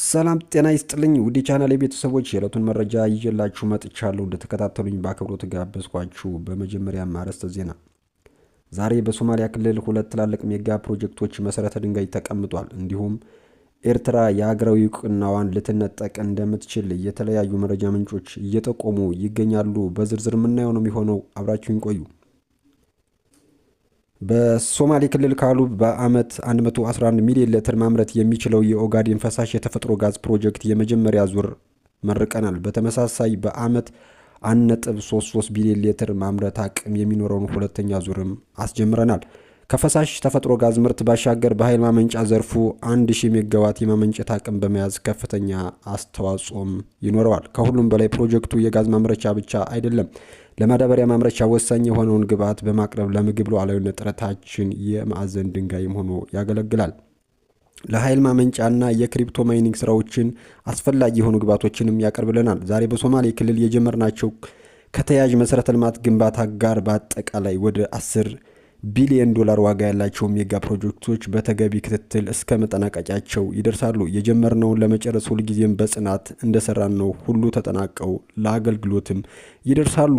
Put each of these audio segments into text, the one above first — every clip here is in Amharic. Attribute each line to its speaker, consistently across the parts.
Speaker 1: ሰላም ጤና ይስጥልኝ ውድ ቻናል የቤተሰቦች የዕለቱን መረጃ ይዤላችሁ መጥቻለሁ። እንደተከታተሉኝ በአክብሮት ጋበዝኳችሁ። በመጀመሪያም አርዕስተ ዜና። ዛሬ በሶማሊያ ክልል ሁለት ትላልቅ ሜጋ ፕሮጀክቶች መሰረተ ድንጋይ ተቀምጧል። እንዲሁም ኤርትራ የሀገራዊ እውቅናዋን ልትነጠቅ እንደምትችል የተለያዩ መረጃ ምንጮች እየጠቆሙ ይገኛሉ። በዝርዝር የምናየው ነው የሚሆነው። አብራችሁን ቆዩ። በሶማሌ ክልል ካሉ በአመት 111 ሚሊዮን ሊትር ማምረት የሚችለው የኦጋዴን ፈሳሽ የተፈጥሮ ጋዝ ፕሮጀክት የመጀመሪያ ዙር መርቀናል። በተመሳሳይ በአመት 1.33 ቢሊዮን ሊትር ማምረት አቅም የሚኖረውን ሁለተኛ ዙርም አስጀምረናል። ከፈሳሽ ተፈጥሮ ጋዝ ምርት ባሻገር በኃይል ማመንጫ ዘርፉ 1000 ሜጋዋት የማመንጨት አቅም በመያዝ ከፍተኛ አስተዋጽኦም ይኖረዋል። ከሁሉም በላይ ፕሮጀክቱ የጋዝ ማምረቻ ብቻ አይደለም፣ ለማዳበሪያ ማምረቻ ወሳኝ የሆነውን ግብዓት በማቅረብ ለምግብ ሉዓላዊነት ጥረታችን የማዕዘን ድንጋይም ሆኖ ያገለግላል። ለኃይል ማመንጫና የክሪፕቶ ማይኒንግ ስራዎችን አስፈላጊ የሆኑ ግብዓቶችንም ያቀርብልናል። ዛሬ በሶማሌ ክልል የጀመርናቸው ከተያያዥ መሰረተ ልማት ግንባታ ጋር በአጠቃላይ ወደ አስር ቢሊየን ዶላር ዋጋ ያላቸው ሜጋ ፕሮጀክቶች በተገቢ ክትትል እስከ መጠናቀቂያቸው ይደርሳሉ። የጀመርነውን ለመጨረስ ሁልጊዜም በጽናት እንደሰራን ነው ሁሉ ተጠናቀው ለአገልግሎትም ይደርሳሉ።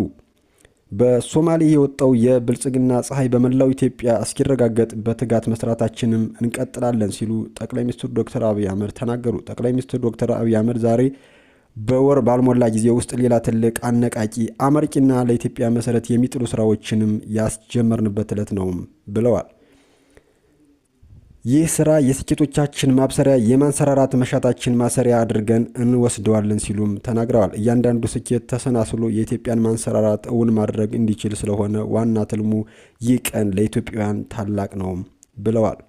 Speaker 1: በሶማሌ የወጣው የብልጽግና ፀሐይ በመላው ኢትዮጵያ እስኪረጋገጥ በትጋት መስራታችንም እንቀጥላለን ሲሉ ጠቅላይ ሚኒስትር ዶክተር አብይ አህመድ ተናገሩ። ጠቅላይ ሚኒስትር ዶክተር አብይ አህመድ ዛሬ በወር ባልሞላ ጊዜ ውስጥ ሌላ ትልቅ አነቃቂ አመርቂና ለኢትዮጵያ መሰረት የሚጥሉ ስራዎችንም ያስጀመርንበት ዕለት ነው ብለዋል። ይህ ስራ የስኬቶቻችን ማብሰሪያ፣ የማንሰራራት መሻታችን ማሰሪያ አድርገን እንወስደዋለን ሲሉም ተናግረዋል። እያንዳንዱ ስኬት ተሰናስሎ የኢትዮጵያን ማንሰራራት እውን ማድረግ እንዲችል ስለሆነ ዋና ትልሙ ይህ ቀን ለኢትዮጵያውያን ታላቅ ነው ብለዋል።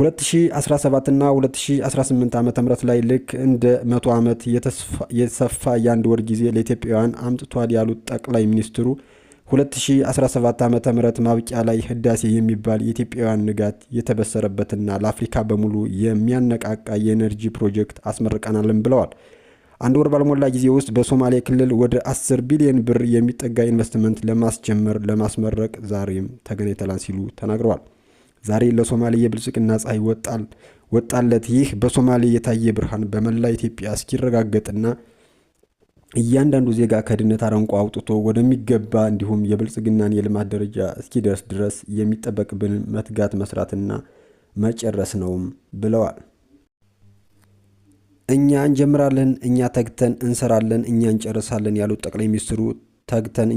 Speaker 1: 2017 እና 2018 ዓ ም ላይ ልክ እንደ መቶ ዓመት የሰፋ የአንድ ወር ጊዜ ለኢትዮጵያውያን አምጥቷል ያሉት ጠቅላይ ሚኒስትሩ 2017 ዓ ም ማብቂያ ላይ ህዳሴ የሚባል የኢትዮጵያውያን ንጋት የተበሰረበትና ለአፍሪካ በሙሉ የሚያነቃቃ የኤነርጂ ፕሮጀክት አስመርቀናልን ብለዋል። አንድ ወር ባልሞላ ጊዜ ውስጥ በሶማሌ ክልል ወደ 10 ቢሊዮን ብር የሚጠጋ ኢንቨስትመንት ለማስጀመር ለማስመረቅ ዛሬም ተገናኝተናል ሲሉ ተናግረዋል። ዛሬ ለሶማሌ የብልጽግና ፀሐይ ወጣል ወጣለት። ይህ በሶማሌ የታየ ብርሃን በመላ ኢትዮጵያ እስኪረጋገጥና እያንዳንዱ ዜጋ ከድህነት አረንቋ አውጥቶ ወደሚገባ እንዲሁም የብልጽግናን የልማት ደረጃ እስኪደርስ ድረስ የሚጠበቅብን መትጋት መስራትና መጨረስ ነውም ብለዋል። እኛ እንጀምራለን፣ እኛ ተግተን እንሰራለን፣ እኛ እንጨርሳለን ያሉት ጠቅላይ ሚኒስትሩ ተግተን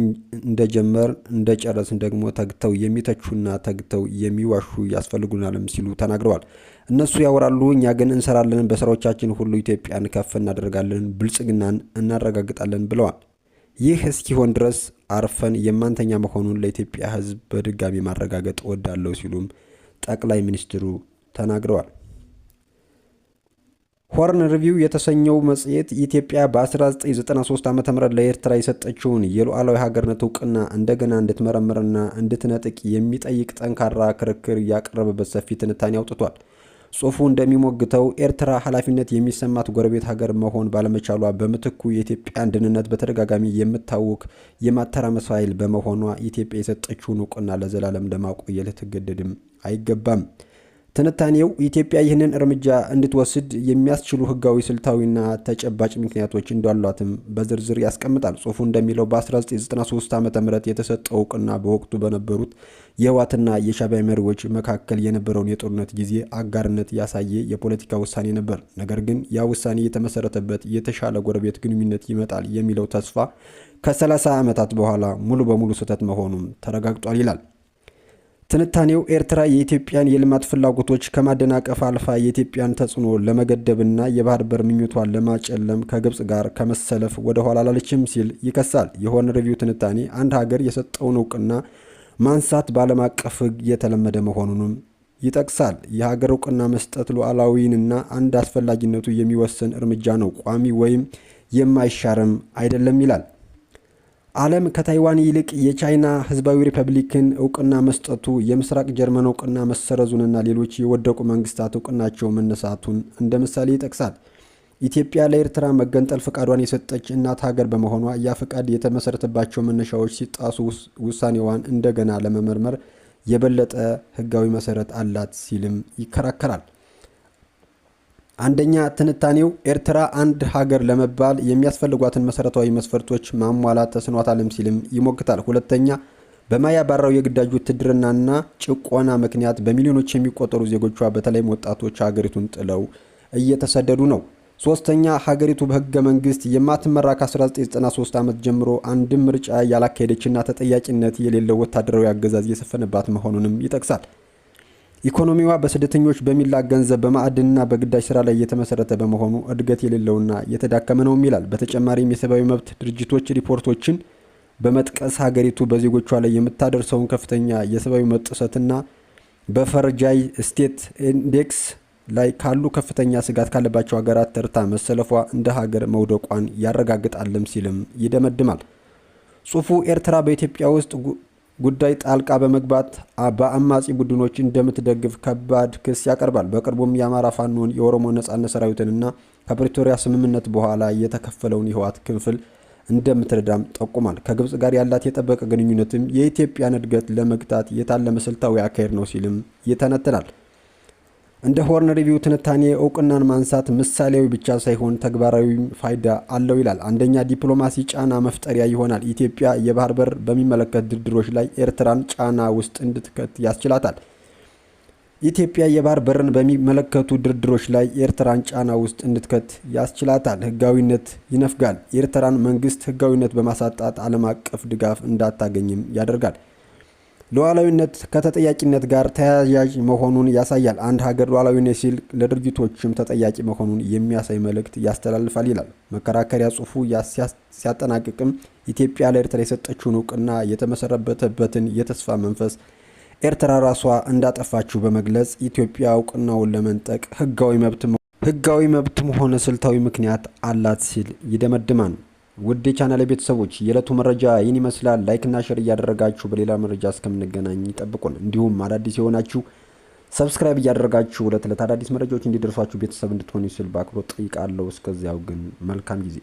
Speaker 1: እንደጀመር እንደጨረስን ደግሞ ተግተው የሚተቹና ተግተው የሚዋሹ ያስፈልጉናልም ሲሉ ተናግረዋል። እነሱ ያወራሉ፣ እኛ ግን እንሰራለን። በስራዎቻችን ሁሉ ኢትዮጵያን ከፍ እናደርጋለን፣ ብልጽግናን እናረጋግጣለን ብለዋል። ይህ እስኪሆን ድረስ አርፈን የማንተኛ መሆኑን ለኢትዮጵያ ሕዝብ በድጋሚ ማረጋገጥ ወዳለው ሲሉም ጠቅላይ ሚኒስትሩ ተናግረዋል። ሆርን ሪቪው የተሰኘው መጽሔት ኢትዮጵያ በ1993 ዓ ም ለኤርትራ የሰጠችውን የሉዓላዊ ሀገርነት እውቅና እንደገና እንድትመረምርና እንድትነጥቅ የሚጠይቅ ጠንካራ ክርክር ያቀረበበት ሰፊ ትንታኔ አውጥቷል። ጽሑፉ እንደሚሞግተው ኤርትራ ኃላፊነት የሚሰማት ጎረቤት ሀገር መሆን ባለመቻሏ በምትኩ የኢትዮጵያን ደህንነት በተደጋጋሚ የምታውክ የማተራመስ ኃይል በመሆኗ ኢትዮጵያ የሰጠችውን እውቅና ለዘላለም ለማቆየ ልትገደድም አይገባም። ትንታኔው ኢትዮጵያ ይህንን እርምጃ እንድትወስድ የሚያስችሉ ህጋዊ፣ ስልታዊና ተጨባጭ ምክንያቶች እንዳሏትም በዝርዝር ያስቀምጣል። ጽሁፉ እንደሚለው በ1993 ዓ ም የተሰጠው እውቅና በወቅቱ በነበሩት የህዋትና የሻዕቢያ መሪዎች መካከል የነበረውን የጦርነት ጊዜ አጋርነት ያሳየ የፖለቲካ ውሳኔ ነበር። ነገር ግን ያ ውሳኔ የተመሰረተበት የተሻለ ጎረቤት ግንኙነት ይመጣል የሚለው ተስፋ ከ30 ዓመታት በኋላ ሙሉ በሙሉ ስህተት መሆኑም ተረጋግጧል ይላል። ትንታኔው ኤርትራ የኢትዮጵያን የልማት ፍላጎቶች ከማደናቀፍ አልፋ የኢትዮጵያን ተጽዕኖ ለመገደብና የባህር በር ምኞቷን ለማጨለም ከግብፅ ጋር ከመሰለፍ ወደ ኋላ አላለችም ሲል ይከሳል። የሆርን ሪቪው ትንታኔ አንድ ሀገር የሰጠውን እውቅና ማንሳት በዓለም አቀፍ ሕግ የተለመደ መሆኑንም ይጠቅሳል። የሀገር እውቅና መስጠት ሉዓላዊንና አንድ አስፈላጊነቱ የሚወሰን እርምጃ ነው፣ ቋሚ ወይም የማይሻርም አይደለም ይላል። ዓለም ከታይዋን ይልቅ የቻይና ህዝባዊ ሪፐብሊክን እውቅና መስጠቱ የምስራቅ ጀርመን እውቅና መሰረዙንና ሌሎች የወደቁ መንግስታት እውቅናቸው መነሳቱን እንደ ምሳሌ ይጠቅሳል። ኢትዮጵያ ለኤርትራ መገንጠል ፈቃዷን የሰጠች እናት ሀገር በመሆኗ ያ ፈቃድ የተመሰረተባቸው መነሻዎች ሲጣሱ ውሳኔዋን እንደገና ለመመርመር የበለጠ ህጋዊ መሰረት አላት ሲልም ይከራከራል። አንደኛ ትንታኔው ኤርትራ አንድ ሀገር ለመባል የሚያስፈልጓትን መሰረታዊ መስፈርቶች ማሟላት ተስኗታልም ሲልም ይሞግታል። ሁለተኛ በማያ ባራው የግዳጅ ውትድርናና ጭቆና ምክንያት በሚሊዮኖች የሚቆጠሩ ዜጎቿ በተለይም ወጣቶች ሀገሪቱን ጥለው እየተሰደዱ ነው። ሶስተኛ ሀገሪቱ በህገ መንግስት የማትመራ ከ1993 ዓመት ጀምሮ አንድም ምርጫ ያላካሄደችና ተጠያቂነት የሌለው ወታደራዊ አገዛዝ የሰፈነባት መሆኑንም ይጠቅሳል። ኢኮኖሚዋ በስደተኞች በሚላክ ገንዘብ በማዕድንና በግዳጅ ስራ ላይ እየተመሰረተ በመሆኑ እድገት የሌለውና የተዳከመ ነውም ይላል። በተጨማሪም የሰብአዊ መብት ድርጅቶች ሪፖርቶችን በመጥቀስ ሀገሪቱ በዜጎቿ ላይ የምታደርሰውን ከፍተኛ የሰብአዊ መብት ጥሰትና በፈርጃይ ስቴት ኢንዴክስ ላይ ካሉ ከፍተኛ ስጋት ካለባቸው ሀገራት ተርታ መሰለፏ እንደ ሀገር መውደቋን ያረጋግጣልም ሲልም ይደመድማል ጽሁፉ ኤርትራ በኢትዮጵያ ውስጥ ጉዳይ ጣልቃ በመግባት በአማጺ ቡድኖች እንደምትደግፍ ከባድ ክስ ያቀርባል። በቅርቡም የአማራ ፋኖን የኦሮሞ ነጻነት ሰራዊትንና ከፕሪቶሪያ ስምምነት በኋላ የተከፈለውን የህወሓት ክፍል እንደምትረዳም ጠቁማል። ከግብፅ ጋር ያላት የጠበቀ ግንኙነትም የኢትዮጵያን እድገት ለመግታት የታለመ ስልታዊ አካሄድ ነው ሲልም ይተነትናል። እንደ ሆርን ሪቪው ትንታኔ እውቅናን ማንሳት ምሳሌያዊ ብቻ ሳይሆን ተግባራዊ ፋይዳ አለው ይላል። አንደኛ ዲፕሎማሲ ጫና መፍጠሪያ ይሆናል። ኢትዮጵያ የባህር በር በሚመለከት ድርድሮች ላይ ኤርትራን ጫና ውስጥ እንድትከት ያስችላታል። ኢትዮጵያ የባህር በርን በሚመለከቱ ድርድሮች ላይ ኤርትራን ጫና ውስጥ እንድትከት ያስችላታል። ህጋዊነት ይነፍጋል። ኤርትራን መንግስት ህጋዊነት በማሳጣት ዓለም አቀፍ ድጋፍ እንዳታገኝም ያደርጋል። ሉዓላዊነት ከተጠያቂነት ጋር ተያያዥ መሆኑን ያሳያል። አንድ ሀገር ሉዓላዊነት ሲል ለድርጅቶችም ተጠያቂ መሆኑን የሚያሳይ መልእክት ያስተላልፋል ይላል መከራከሪያ ጽሑፉ። ሲያጠናቅቅም ኢትዮጵያ ለኤርትራ የሰጠችውን እውቅና የተመሰረተበትን የተስፋ መንፈስ ኤርትራ ራሷ እንዳጠፋችው በመግለጽ ኢትዮጵያ እውቅናውን ለመንጠቅ ህጋዊ መብትም ሆነ ስልታዊ ምክንያት አላት ሲል ይደመድማል። ውድ የቻናል ቤተሰቦች የዕለቱ መረጃ ይህን ይመስላል። ላይክና ሸር እያደረጋችሁ በሌላ መረጃ እስከምንገናኝ ጠብቁን። እንዲሁም አዳዲስ የሆናችሁ ሰብስክራይብ እያደረጋችሁ ዕለት ዕለት አዳዲስ መረጃዎች እንዲደርሷችሁ ቤተሰብ እንድትሆኑ ስል በአክብሮት ጠይቃለሁ። እስከዚያው ግን መልካም ጊዜ